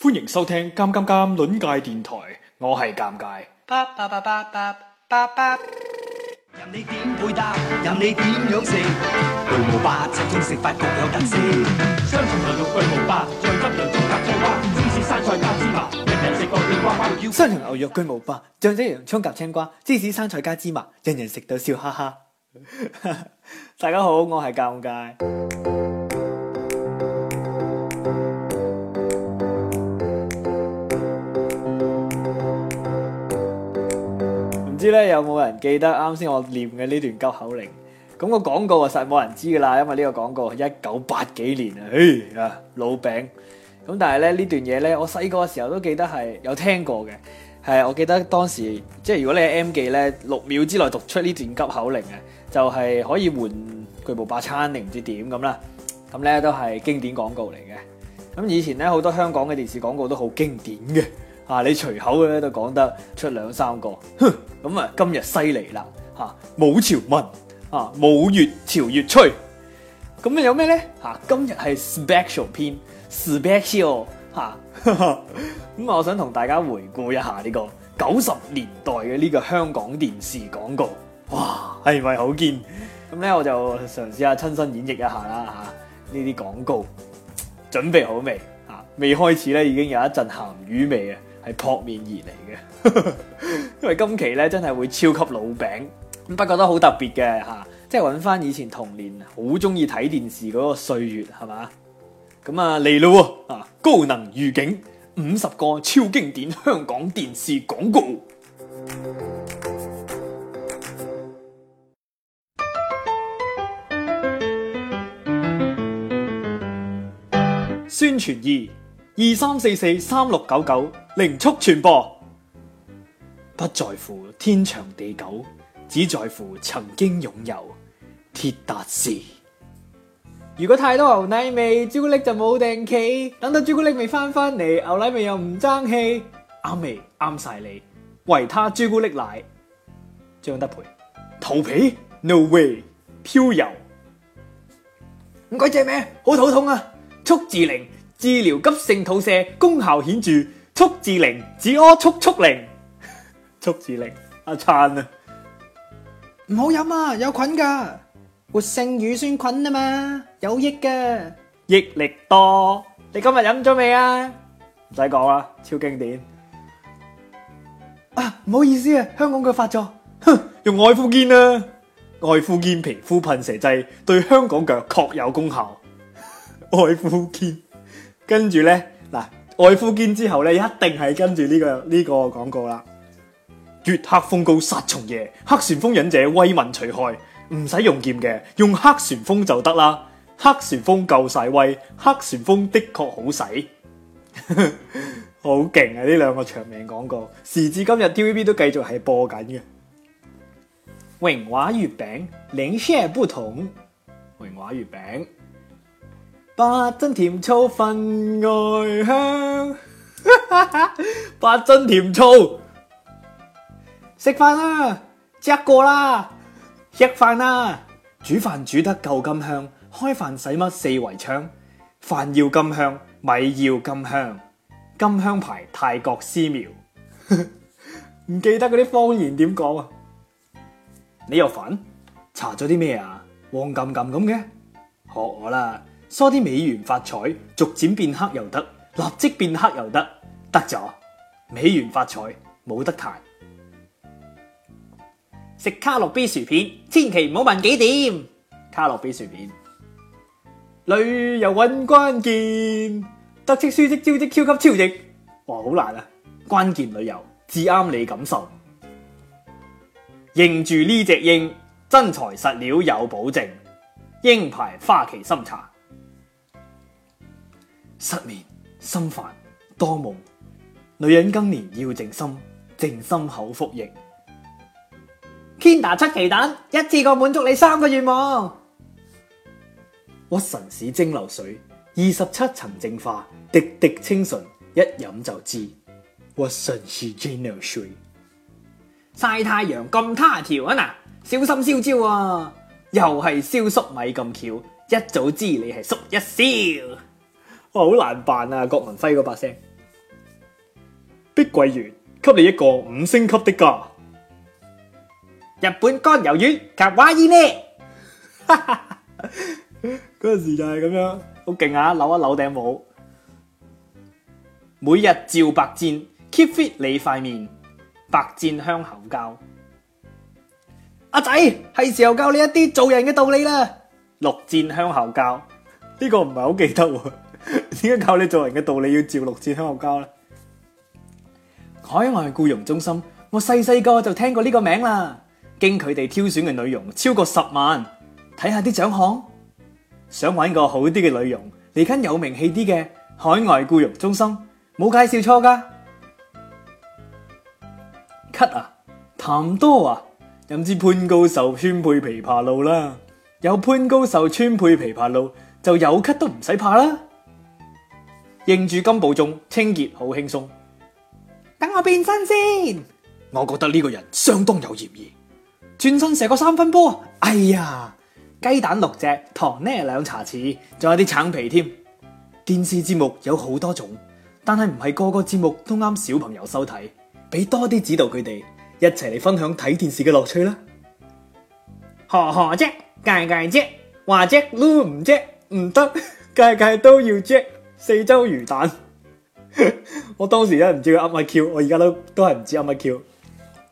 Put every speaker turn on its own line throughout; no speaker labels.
歡迎收聽《尷尷尷》鄰界電台，我係尷尬。唔知咧有冇人記得啱先我念嘅呢段急口令？咁個廣告啊實冇人知噶啦，因為呢個廣告一九八幾年啊，啊老餅。咁但係咧呢段嘢咧，我細個嘅時候都記得係有聽過嘅。係我記得當時即係如果你係 M 記咧六秒之內讀出呢段急口令啊，就係可以換巨無霸餐定唔知點咁啦。咁咧都係經典廣告嚟嘅。咁以前咧好多香港嘅電視廣告都好經典嘅。啊！你隨口咧都講得出兩三個，哼！咁啊，今日犀利啦，嚇！冇潮文，啊冇越潮越吹，咁啊有咩咧？嚇！今日係 special 篇，special 嚇！咁啊，我想同大家回顧一下呢個九十年代嘅呢個香港電視廣告，哇，係咪好堅？咁咧，我就嘗試下親身演繹一下啦，嚇！呢啲廣告準備好未？嚇！未開始咧，已經有一陣鹹魚味啊！係撲面而嚟嘅，因為今期咧真係會超級老餅，不過都好特別嘅吓，即係揾翻以前童年好中意睇電視嗰個歲月，係嘛？咁啊嚟咯、啊！啊高能預警五十個超經典香港電視廣告， 宣傳二，二三四四三六九九。靈速傳播，不在乎天長地久，只在乎曾經擁有。鐵達士，如果太多牛奶味，朱古力就冇定期。等到朱古力味翻翻嚟，牛奶味又唔爭氣。啱味啱晒你，維他朱古力奶。張德培，頭皮 no way，飄柔，唔該借咩？好肚痛啊！速治靈治療急性肚瀉，功效顯著。速字靈，止屙速速靈。速字靈。阿燦啊，唔好飲啊，有菌噶。活性乳酸菌啊嘛，有益噶，益力多，你今日飲咗未啊？唔使講啦，超經典。啊，唔好意思啊，香港腳發作，哼，用愛膚堅啦。愛膚堅皮膚噴射劑對香港腳確有功效，愛膚堅，跟住咧嗱。外夫劍之後咧，一定係跟住呢、呢個呢、呢個廣告啦。月黑風高殺蟲夜，黑旋風忍者為民除害，唔使用，用劍嘅，用黑旋風就得啦。黑旋風夠晒威，黑旋風的確好使， 好勁啊！呢兩個長命廣告，時至今日 TVB 都繼續係播緊嘅。榮華月餅，領先不同。榮華月餅。八珍甜醋分外香， 八珍甜醋食飯啦，食過啦，食飯啦，飯煮飯煮得夠咁香，開飯使乜四圍搶？飯要咁香，米要咁香，金香牌泰國絲苗，唔記得嗰啲方言點講啊？你又煩搽咗啲咩啊？黃冧冧咁嘅，學我啦。梳啲美元發彩，逐漸變黑又得，立即變黑又得，得咗美元發彩，冇得彈。食卡樂 B 薯片，千祈唔好問幾點。卡樂 B 薯片，旅遊穩關鍵，得戚舒適招積超級超值。哇！好難啊，關鍵旅遊至啱你感受。認住呢隻鷹，真材實料有保證，鷹牌花旗參茶。失眠心煩多夢，女人更年要靜心，靜心口服液。健達出奇蛋，一次過滿足你三個願望。屈臣氏蒸餾水，二十七層淨化，滴滴清純，一飲就知。屈臣氏蒸餾水，曬太陽咁他條啊嗱，小心燒焦啊！又係燒粟米咁巧，一早知你係粟一燒。哇，好難辦啊！郭文輝嗰把聲，碧桂園，給你一個五星級的家。日本乾魷魚，卡哇伊呢？嗰 陣 時就係咁樣，好勁啊！扭一扭頂帽，每日照白箭 keep fit 你塊面，白箭香口膠。阿仔係時候教你一啲做人嘅道理啦。綠箭香口膠呢個唔係好記得。點解教你做人嘅道理要照六字香爐交咧？海外僱傭中心，我細細個就聽過呢個名啦。經佢哋挑選嘅女傭超過十萬，睇下啲獎項。想揾個好啲嘅女傭，嚟緊有名氣啲嘅海外僱傭中心，冇介紹錯噶。咳啊，痰多啊，甚知潘高壽川配琵琶露啦。有潘高壽川配琵琶露，就有咳都唔使怕啦。認住金寶鐘，清潔好輕鬆。等我變身先。我覺得呢個人相當有嫌疑。轉身射個三分波。哎呀，雞蛋六隻，糖呢兩茶匙，仲有啲橙皮添。電視節目有好多種，但係唔係個個節目都啱小朋友收睇，俾多啲指導佢哋一齊嚟分享睇電視嘅樂趣啦。下下啫，界界啫，下啫，都唔啫，唔得，界界都要啫。四周魚蛋， 我當時咧唔知佢 up 乜 q，我而家都都係唔知 up 乜 q。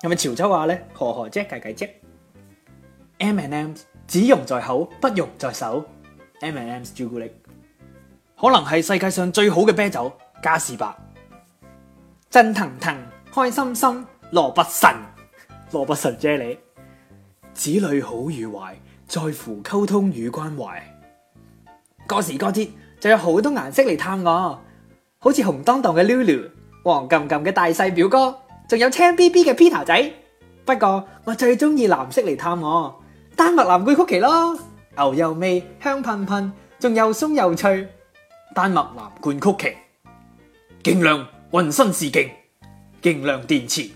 係咪潮州話咧？何何啫，計計啫。M and M 只融在口，不融在手。M and M 朱古力，可能係世界上最好嘅啤酒。嘉士伯，震騰騰，開心心，蘿蔔神，蘿 蔔神啫喱。子女好與壞，在乎溝通與關懷。過時過節。就有好多顏色嚟探我，好似紅當當嘅 Lulu，黃冚冚嘅大細表哥，仲有青 B B 嘅 Peter 仔。不過我最中意藍色嚟探我，丹麥藍罐曲奇咯，牛油味香噴噴，仲又鬆又脆。丹麥藍罐曲奇，勁量渾身是勁，勁量電池，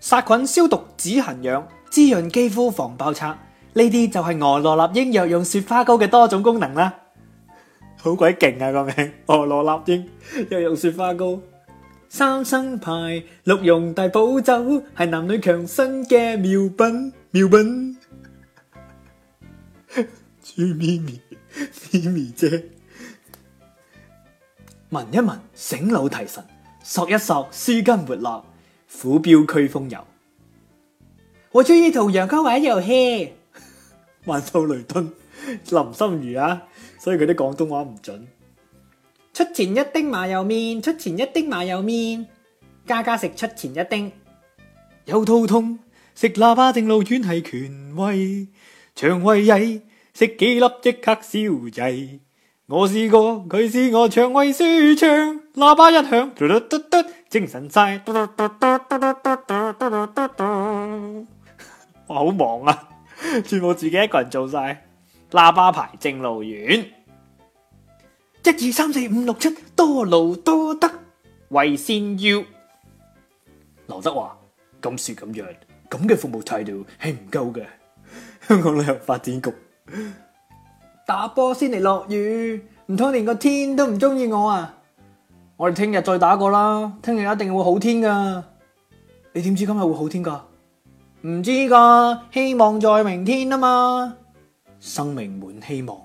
殺菌消毒止痕癢，滋潤肌膚防爆拆。呢啲就係俄羅斯藥用雪花膏嘅多種功能啦。好鬼勁啊個名！俄羅納英，又用雪花膏，三生牌鹿茸大補酒係男女強身嘅妙品妙品。豬 咪咪咪咪姐，聞一聞醒腦提神，索一索舒筋活絡，虎標驅風油。我中意同陽光玩遊戲。 曼秀雷敦林心如啊！所以佢啲廣東話唔準。出前一丁麻油麵，出前一丁麻油麵，家家食出前一丁。有肚痛，食喇叭正露丸係權威。腸胃曳，食幾粒即刻消滯。我試過，佢試我腸胃舒暢。喇叭一響，嘟嘟嘟嘟，精神晒。我好忙啊，全部自己一個人做晒。喇叭牌正露丸，一二三四五六七，多勞多得為先要。劉德華咁說咁樣咁嘅服務態度係唔夠嘅。香港旅遊發展局打波先嚟落雨，唔通連個天都唔中意我啊？我哋聽日再打過啦，聽日一定會好天噶。你點知今日會好天噶？唔知噶，希望在明天啊嘛。生命滿希望，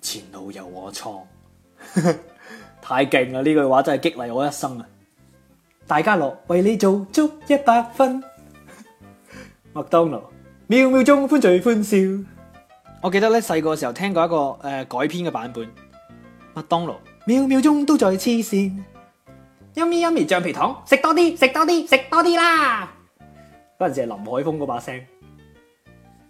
前路由我創。 太勁啦！呢句話真係激勵我一生啊！大家樂為你做足一百分。麥 當勞秒秒鐘歡聚歡笑。我記得咧細個時候聽過一個誒、呃、改編嘅版本，麥當勞秒秒鐘都在黐線，yummy yummy 橡皮糖，食多啲食多啲食多啲啦！嗰 陣時係林海峰嗰把聲。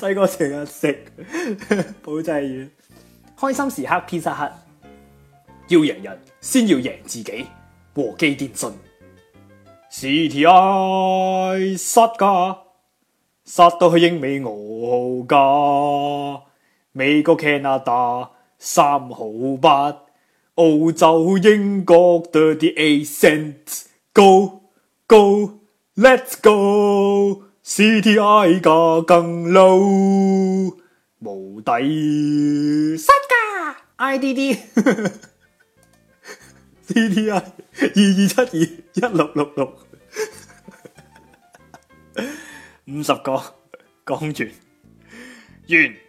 細個成日食保濟丸， 貞魚 開心時刻 Pizza Hut，要贏人先要贏自己。和記電信，C T I 殺價，殺到去英美澳加，美國加拿大三毫八，Canada, 號 8, 澳洲英國 twenty eight cents go go let's go。C T I 價更低，無底薪㗎，I D D，C T I 二二七二一六六六，五十個講完完。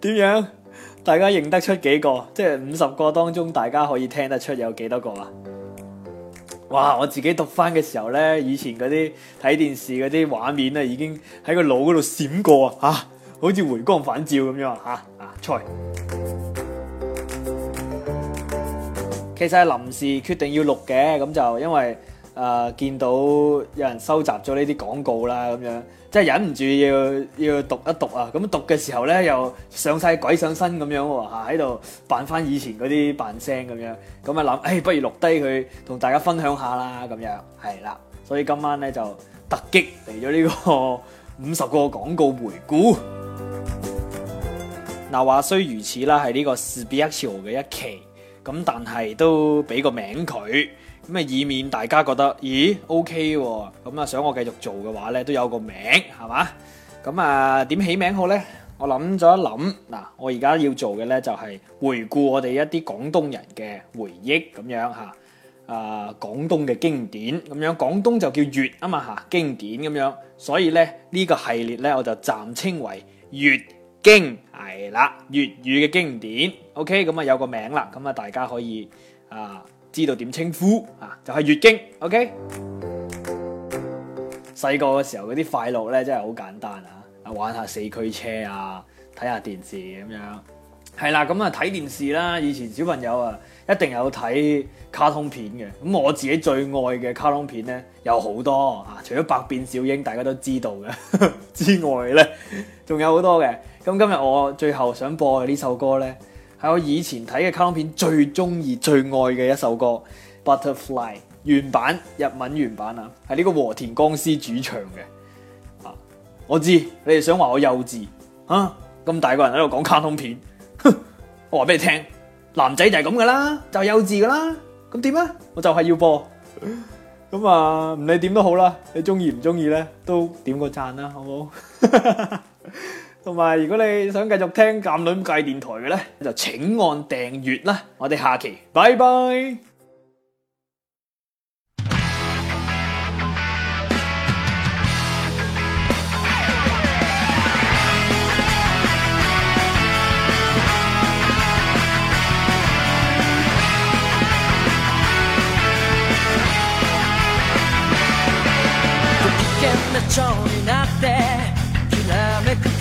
點 樣？大家認得出幾個？即係五十個當中，大家可以聽得出有幾多個啊？哇！我自己讀翻嘅時候呢，以前嗰啲睇電視嗰啲畫面啊，已經喺個腦嗰度閃過啊，吓，好似回光返照咁樣啊啊！菜，其實係臨時決定要錄嘅，咁就因為誒、呃、見到有人收集咗呢啲廣告啦，咁樣。即係忍唔住要要讀一讀啊！咁讀嘅時候咧，又上晒鬼上身咁樣喎，喺、啊、度扮翻以前嗰啲扮聲咁樣。咁啊諗，哎，不如錄低佢，同大家分享下啦咁樣。係啦，所以今晚咧就突擊嚟咗呢個五十個廣告回顧。嗱 話雖如此啦，係呢個 special 嘅一期，咁但係都俾個名佢。咁啊，以免大家覺得，咦，OK 喎，咁啊，想我繼續做嘅話咧，都有個名，係嘛？咁、嗯、啊，點起名好咧？我諗咗一諗，嗱，我而家要做嘅咧就係回顧我哋一啲廣東人嘅回憶咁樣嚇、呃，啊，廣東嘅經典咁樣，廣東就叫粵啊嘛嚇，經典咁樣，所以咧呢、呢個系列咧我就暫稱為粵經係啦，粵語嘅經典，OK，咁啊有個名啦，咁啊大家可以啊。呃知道點稱呼啊？就係月經，OK。細個嘅時候嗰啲快樂咧，真係好簡單嚇。啊，玩下四驅車啊，睇下電視咁樣。係啦，咁啊睇電視啦。以前小朋友啊，一定有睇卡通片嘅。咁我自己最愛嘅卡通片咧，有好多啊。除咗百變小英大家都知道嘅 之外咧，仲有好多嘅。咁今日我最後想播嘅呢首歌咧。係我以前睇嘅卡通片最中意，最愛嘅一首歌《Butterfly》，原版日文原版啊，係呢個和田光司主唱嘅。啊，我知你哋想話我幼稚啊，咁大個人喺度講卡通片，哼，我話俾你聽，男仔就係咁噶啦，就是，幼稚噶啦，咁點啊？我就係要播，咁 啊唔理點都好啦，你中意唔中意咧，都點個讚啦，啊，好唔好？ 同埋，如果你想繼續聽《鹹女計》電台嘅咧，就請按訂閱啦！我哋下期拜拜。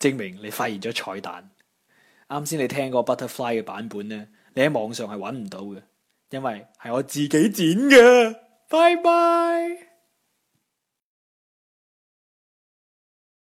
證明你發現咗彩蛋。啱先你聽嗰個 Butterfly 嘅版本咧，你喺網上係揾唔到嘅，因
為係我自己剪嘅。拜拜。